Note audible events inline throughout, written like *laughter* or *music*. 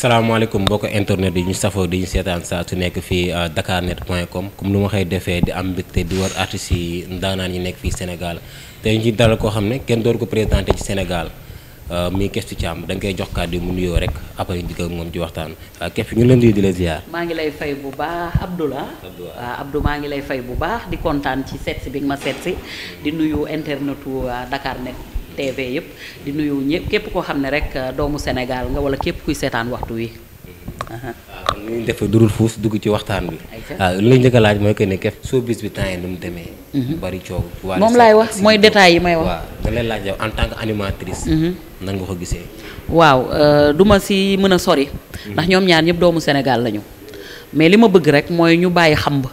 salaamaaleykum mbokk internet yi ñu safoo di ñu seetaan saa su nekk fii euh, dakarnet point com comme lu ma koy defee di am mbégte di war artistes yi ndaanaan yi nekk fii Sénégal te ñu ci dalal koo xam ne kenn door ko présenté ci Sénégal euh, muy Keftu ci da nga koy jox kàddu mu nuyoo rek après ñu digg ak moom ci waxtaan euh, Keftu ñu leen di di la ziar. maa ngi lay fay bu baax Abdou la waaw maa ngi lay fay bu baax di kontaan ci seet si bi ma seet si di nuyu internetu Dakarnet. TV yëpp di nuyu ñëpp képp koo xam ne rek euh, doomu Sénégal nga wala képp kuy seetaan waxtu wi. Ah, kon li ñu durul fuus dugg ci waxtaan bi. waaw ah, li ñu laaj mooy que ne képp showbiz bi temps yi mu demee. Mhm. bari coow waaye moom laay wax mooy détails yi may wax. waaw nga leen laaj yow en tant que animatrice. Mhm. nan ko gisee. waaw euh, du ma si mën a sori. ndax mhm. ñoom ñaar ñëpp doomu Sénégal lañu. mais li ma bëgg rek mooy ñu bàyyi xamb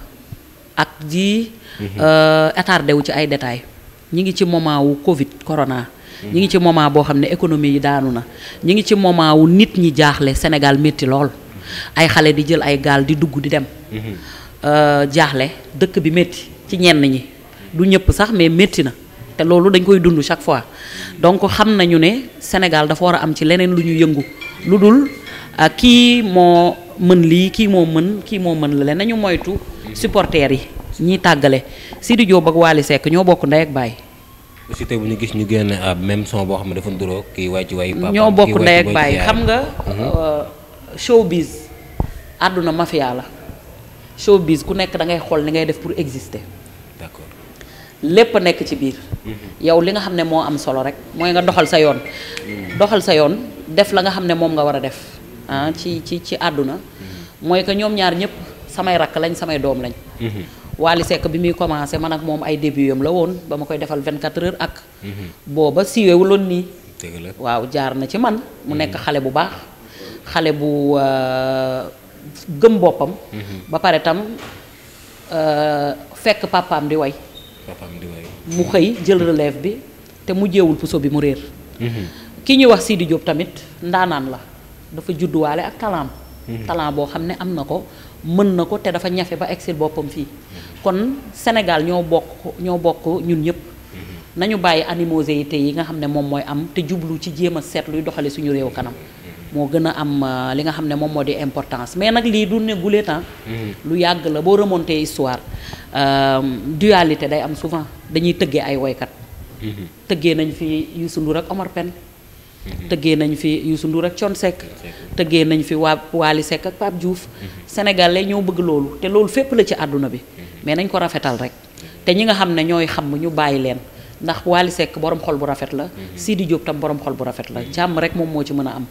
ak ji. Euh, attardé wu ci ay détails ñi ngi ci moment Covid corona. ñi ngi ci moment boo xam ne économie yi daanu na ñi ngi ci moment wu nit ñi jaaxle Sénégal métti lool ay xale di jël ay gaal di dugg di dem mm-hmm. euh, jaaxle dëkk bi métti ci ñenn ñi du ñëpp sax mais métti na te loolu dañ koy dund chaque fois donc xam nañu ne Sénégal dafa war a am ci leneen lu ñu yëngu lu dul euh, kii moo mën lii kii moo mën kii moo mën la leen nañu moytu supporters yi ñiy tàggale Sidi Diop ak Waly Seck ñoo bokk ndey ak baay aussi tey bu ñu gis ñu génn même son boo xam ne dafa nduroo kii waay ci waay papa ñoo bokk ndey ak xam nga mhm. euh, showbiz àdduna mafia la bis ku nekk da ngay xool li ngay def pour exister d'accord lépp nekk ci biir mhm. yow li nga xam ne moo am solo rek mooy nga doxal sa yoon mhm. doxal sa yoon def la nga xam ne moom nga war a def ah ci ci ci àdduna mooy que ñoom ñaar ñëpp samay rakk lañ samay doom lañ Wally Seck bi muy commencé man ak moom ay début yam la woon ba ma koy defal 24 heures ak. Mhm. booba siiweewuloon nii. waaw jaar na ci man. mu mhm. nekk xale bu baax. xale bu euh, gëm boppam. Mhm. ba pare tam euh, fekk papaam di way. mu xëy jël relève bi te mu jéewul puso bi mu réer. ki ñuy wax Sidi Diop tamit ndaanaan la dafa judduwaale ak talent. talent boo xam ne am na ko. mën na ko te dafa ñafe ba exil boppam fii kon Sénégal ñoo bokk ñoo bokk ñun ñëpp nañu bàyyi animosité yi tey yi nga xam ne moom mooy am te jublu ci jéem a seet luy doxale suñu réew kanam moo gën a am euh, li nga xam ne moom moo di importance mais nag lii du ne gulee temps mm-hmm. lu yàgg la boo remonté histoire euh, dualité day am souvent dañuy tëggee ay woykat mm-hmm. tëggee nañ fi Youssou Ndour ak Omar Pène Mhm. tëggee nañu fi Youssou Ndour rek Thione Seck tëggee nañu fi waa Waly Seck ak Pape mhm. sénégal sénégalais ñoo bëgg loolu te loolu fépp la ci àdduna bi mhm. mais nañ ko rafetal rek te ñi nga xam ne ñooy xam ñu bàyyi leen ndax Waly Seck borom xol bu rafet la sii di Diop tam borom xol bu rafet la jàmm rek moom moo ci mën a am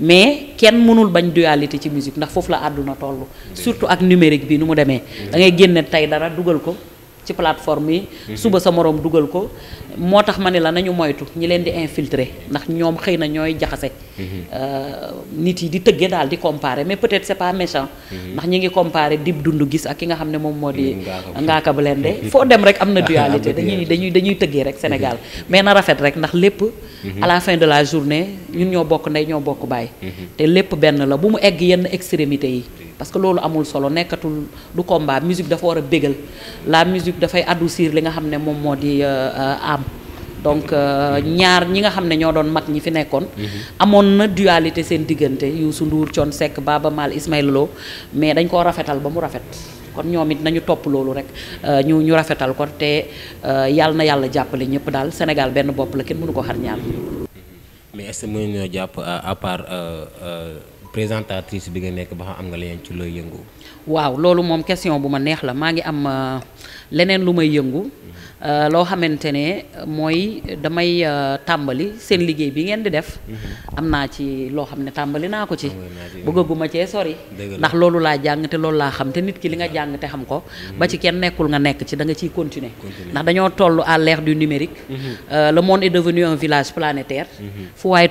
mais kenn mënul bañ dualité ci musique ndax foofu la àdduna toll surtout ak numérique bi nu mu demee dangay génn tey dara dugal ko ci plateforme yi. suba sa moroom dugal ko moo tax ma ne la nañu moytu ñi leen di infiltrer ndax ñoom xëy na ñooy jaxase. Mm-hmm. Euh, nit yi di tëggee daal di comparer mais peut-être c'est pas méchant. Mm-hmm. ndax ñi ngi comparer di dund gis ak ki nga xam ne moom moo di. Mm-hmm. ngaaka bu leen de foo dem rek am na dualité *laughs* dañuy dañuy dañuy tëggee rek Sénégal mais na rafet rek ndax lépp. à fin de la journée ñun ñoo bokk ndey ñoo bokk baay. te lépp benn la bu mu egg yenn extrémité yi. parce que loolu amul solo nekkatul du combat musique dafa war a bégal la musique dafay adoucir li nga xam ne moom moo di euh, euh, am donc euh, ñaar ñi nga xam ne ñoo doon mag ñi fi nekkoon. Mm-hmm. amoon na dualité seen diggante Youssou Ndour Thione Seck Baaba Maal Ismaël Lo mais dañ koo rafetal ba mu rafet. kon ñoom it nañu topp loolu rek ñu ñu rafetal ko te yàlla na yàlla jàppale ñëpp daal Sénégal benn bopp la kenn mënu ko xar ñaar. mais présentatrice bi nga nekk ba xam am nga leneen ci looy yëngu. waaw loolu moom question bu ma neex la maa ngi am euh, leneen lu may yëngu euh, loo xamante ne mooy damay euh, tàmbali seen liggéey bi ngeen di def. Mm-hmm. am naa ci loo xam ne tàmbali naa ko ci. bëggaguma cee sori. ndax loolu laa jàng te loolu laa xam te nit ki li nga jàng te xam ko. Mm-hmm. ba ci kenn nekkul nga nekk ci da nga ciy continuer. ndax dañoo toll à l'ère du numérique. Mm-hmm. le monde est devenu village planétaire. fu waay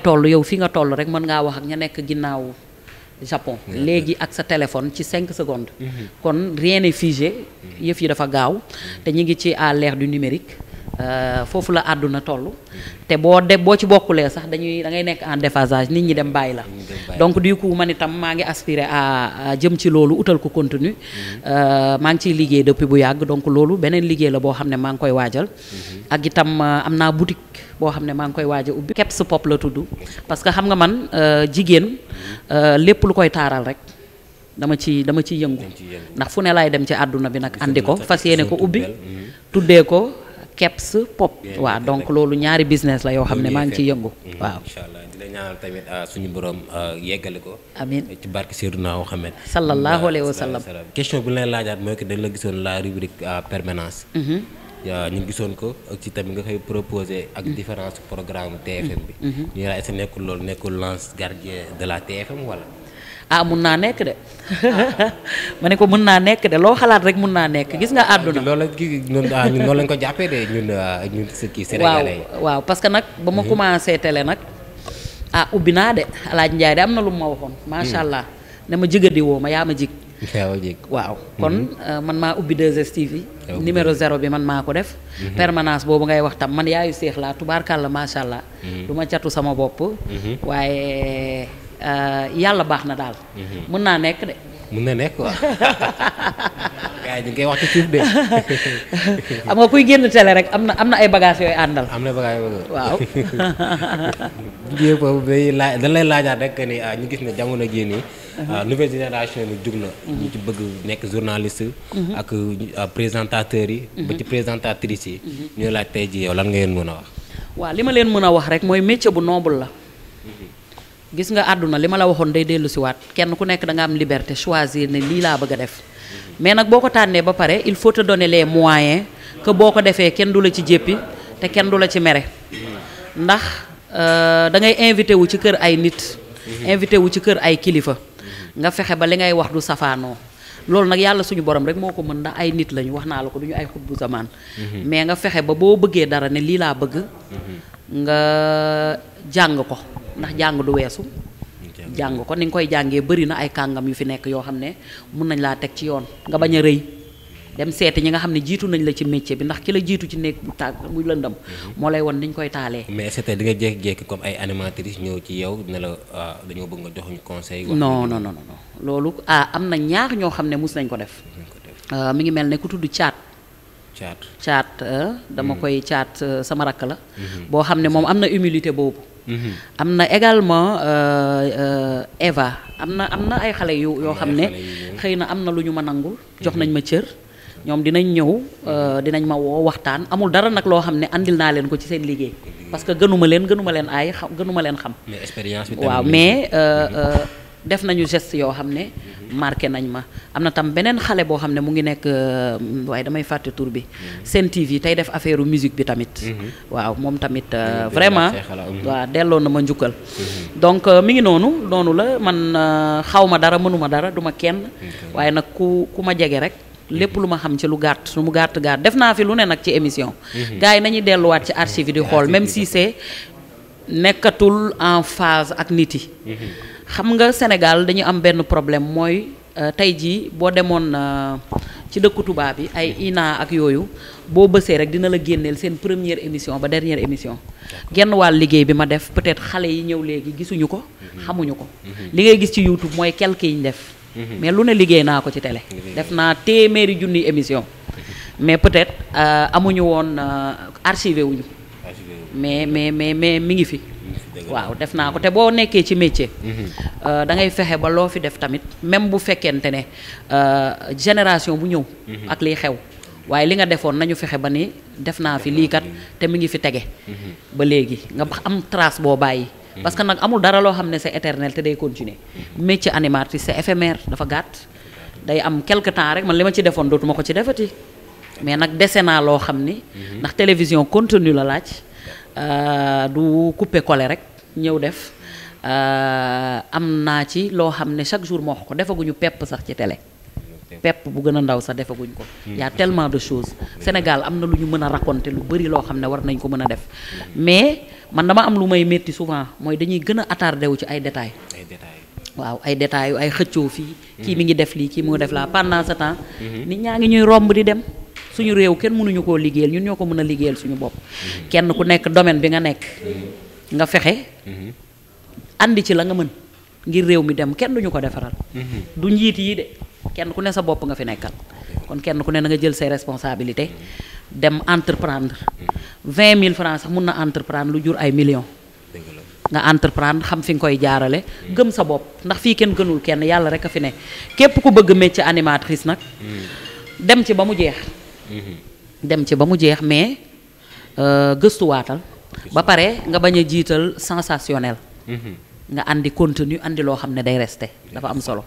Japon léegi ak sa téléphone ci cinq secondes mhm. kon rien n'est mhm. yëf yi dafa gaaw mhm. te ñu ngi ci à l'ère du numérique Euh, foofu la àdduna toll te boo de boo ci bokkulee sax dañuy da ngay nekk en déphasage nit ñi dem bàyyi la donc du coup man itam maa ngi aspiré a jëm ci loolu utal ko continue mhm. euh, maa ngi ciy liggéey depuis bu yàgg donc loolu beneen liggéey la boo xam ne maa ngi koy waajal mhm. ak itam euh, am naa boutique boo xam ne maa ngi koy waaj a ubbi kepp pop la tudd parce que xam nga man jigéen mhm. lépp lu koy taaral rek dama ci dama ci yëngu ndax fu ne laay dem ci àdduna bi nag andi ko fas yéene ko ubbi keps pop waaw donc loolu ñaari business la yoo xam ne maa ngi ciy yëngu mm-hmm. waaw incha allah di la ñaanal tamit ah, suñu borom ah, yeggale ko amiin ci barke Seydina Muhammad sallallahu alayhi wa sallam question bi lay laajaat mooy que dañ la gisoon la rubrique ah, permanence mm-hmm. ñu gisoon ko ak ci tamit nga koy proposé ak mm-hmm. différence programme TFM bi ñu laa est-ce nekkul loolu nekkul lance gardien de la TFM wala ah mun naa nekk de *laughs* ma ne ko mun naa nekk de loo xalaat rek mun naa nekk gis nga ah, àdduna. loolu ah, ñun noonu lañ ko jàppee de ah, kii waaw waaw parce que nag ba ma mhm. commencé tele nag ah ubbi naa de alaaj Njaay de am na lum ma waxoon. macha mhm. allah ne ma jigadi ma yaa ma jig. *laughs* waaw mhm. kon man maa ubbi 2STV numéro zéro bi man maa ko def permanence boobu ngay wax tam man yaayu seex laa tubaarkàlla macha allah. du ma catu sama bopp waaye Euh, yàlla baax na daal. Mhm. mun naa nekk de. mun na nekk waaw. *laughs* ñu ngi wax ci suuf de. am nga kuy génn télé rek am na am na ay bagages yooyu àndal. am na bagages yooyu waaw. *laughs* yëpp lay laajaat rek ni ah, ñu gis ne jamono jii nii. Mhm. Ah, nouvelle génération jug na. Mhm. ñu ci bëgg nekk journaliste. ak ah, présentateurs yi. ba ci présentatrices yi. ñu laaj tey ji yow lan nga leen mën a wax. waaw li ma leen mën a wax rek mooy métier bu noble la. gis nga àdduna li ma la waxoon day dellu si kenn ku nekk danga am liberté choisir ne lii laa bëgg a def mais nag boo ko tànnee ba pare il faut te donner les moyens boo ko defee kenn du la ci jéppi te kenn du la ci mere ndax euh, da ngay invité wu ci kër ay nit invité wu ci kër ay kilifa nga fexe ba li ngay wax du safaanoo loolu nag yàlla suñu borom rek moo ko mën ndax ay nit lañu wax naa la ko du ñu ay xut bu zamaan mhm. mais nga fexe ba boo bëggee dara ne lii laa bëgg nga jàng ko ndax jàng du weesu jàng ko ni nga koy jàngee bëri na ay kàngam yu fi nekk yoo xam ne mun nañ laa teg ci yoon nga bañ a rëy dem seeti ñi nga xam ne jiitu nañ la ci métier bi ndax ki la jiitu ci nekk bu tàgg muy lëndam mhm. moo lay won ni ñu koy taalee mais est-ce que di nga jékki-jékki comme ay animatrice ñëw ci yow ne la ah, dañoo bëgg nga joxuñu conseil noo non non non loolu ah am na ñaar ñoo xam ne mus nañ ko def ah, mi ngi mel ne ku tudd caat caat caat dama mhm. koy caat ah, sama rakk la mhm. boo xam ne moom am na humilité boobu Mm-hmm. am na également euh, euh, Eva am na am na ay xale yu yoo xam ne xëy na am na lu ñu ma nangul mm-hmm. jox nañ ma cër ñoom dinañ ñëw euh, mm-hmm. dinañ ma woo waxtaan amul dara nag loo xam ne indil naa leen ko ci seen liggéey parce que gënuma leen gënuma leen aay gënuma leen xam mais expérience bi waaw mais def nañu geste yoo xam ne marqué nañ ma am na tam beneen xale boo xam ne mu ngi nekk euh, waaye damay fàtte tur bi Sen TV tey def affaire musique bi tamit mhm. waaw moom tamit euh, vraiment mhm. waaw delloon na ma njukkal mhm. donc euh, mi ngi noonu noonu la man xaw ma dara mënuma dara duma kenn waaye nag ku ku ma jege rek lépp lu ma xam ci lu gàtt su mu gàtt gàtt def naa fi lu ne nag ci émission gars yi nañuy delluwaat ci archive yi di xool même si c'est nekkatul en phase ak nit yi xam nga Sénégal dañu am benn problème mooy euh, tey jii boo demoon euh, ci dëkku tubaab yi ay INA ak yooyu boo bësee rek dina la génneel seen première émission ba dernière émission genn wàll liggéey bi ma def peut-être xale yi ñëw léegi gisuñu ko mhm. xamuñu ko mhm. li ngay gis ci YouTube mooy quelque yi ñu def mhm. mais lu ne liggéey naa ko ci télé def naa téeméeri junni émission mais peut-être euh, amuñu woon archivé wuñu mais mais mais mais mi ngi fi waaw def naa ko te boo nekkee ci métier. Mhm. Euh, da ngay fexe ba loo fi def tamit même bu fekkente ne euh, génération bu ñëw. Mhm. ak liy xew waaye li nga defoon nañu fexe ba ni def naa fi lii kat mhm. te mu ngi fi tege. ba léegi nga am trace boo bàyyi. parce que nag amul dara loo xam ne sa éternel te day continuer métier animatrice c'est éphémère dafa gàtt. day am quelque temps rek man li ma ci defoon dootuma ko ci defati mais nag dese naa loo xam ni. ndax télévision continue la laaj. Euh, du couper rek ñëw def euh, am naa ci loo xam ne chaque jour moo wax ko defaguñu pepp sax ci télé. pepp bu gën a ndaw sax defaguñ ko. y a de choses Sénégal am na lu ñu mën a raconter lu bëri loo xam ne war nañ ko mën a def mais man dama am lu may metti souvent mooy dañuy gën a attardé wu ci ay détails. ay détails waaw ay détails ay xëccoo fii. Mm-hmm. kii mi ngi def lii kii mu ngi def laa pendant ce temps. Mm-hmm. nit ñaa ngi ñuy romb di dem. suñu réew kenn mënuñu koo liggéeyal ñun ñoo ko mën a liggéeyal suñu bopp. Mm-hmm. nga fexe. Mm-hmm. andi ci la nga mën ngir réew mi dem kenn duñu ko defaral. Mm-hmm. du njiit yii de kenn ku ne sa bopp nga fi nekkal. kon kenn ku ne na nga jël ses responsabilité dem entreprendre mm-hmm. vingt mille francs sax mun na entreprendre lu jur ay millions. nga entreprendre xam fi nga koy jaarale. gëm sa bopp ndax fii kenn gënul kenn yàlla rek a fi ne képp ku bëgg métier animatrice nag. dem ci ba mu jeex. dem ci ba mu jeex mais euh, gëstuwaatal. ba pare nga bañ a jiital sensationnel. Mhm. nga andi contenu andi loo xam ne day resté dafa am solo.